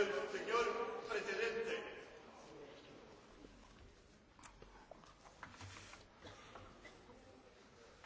el señor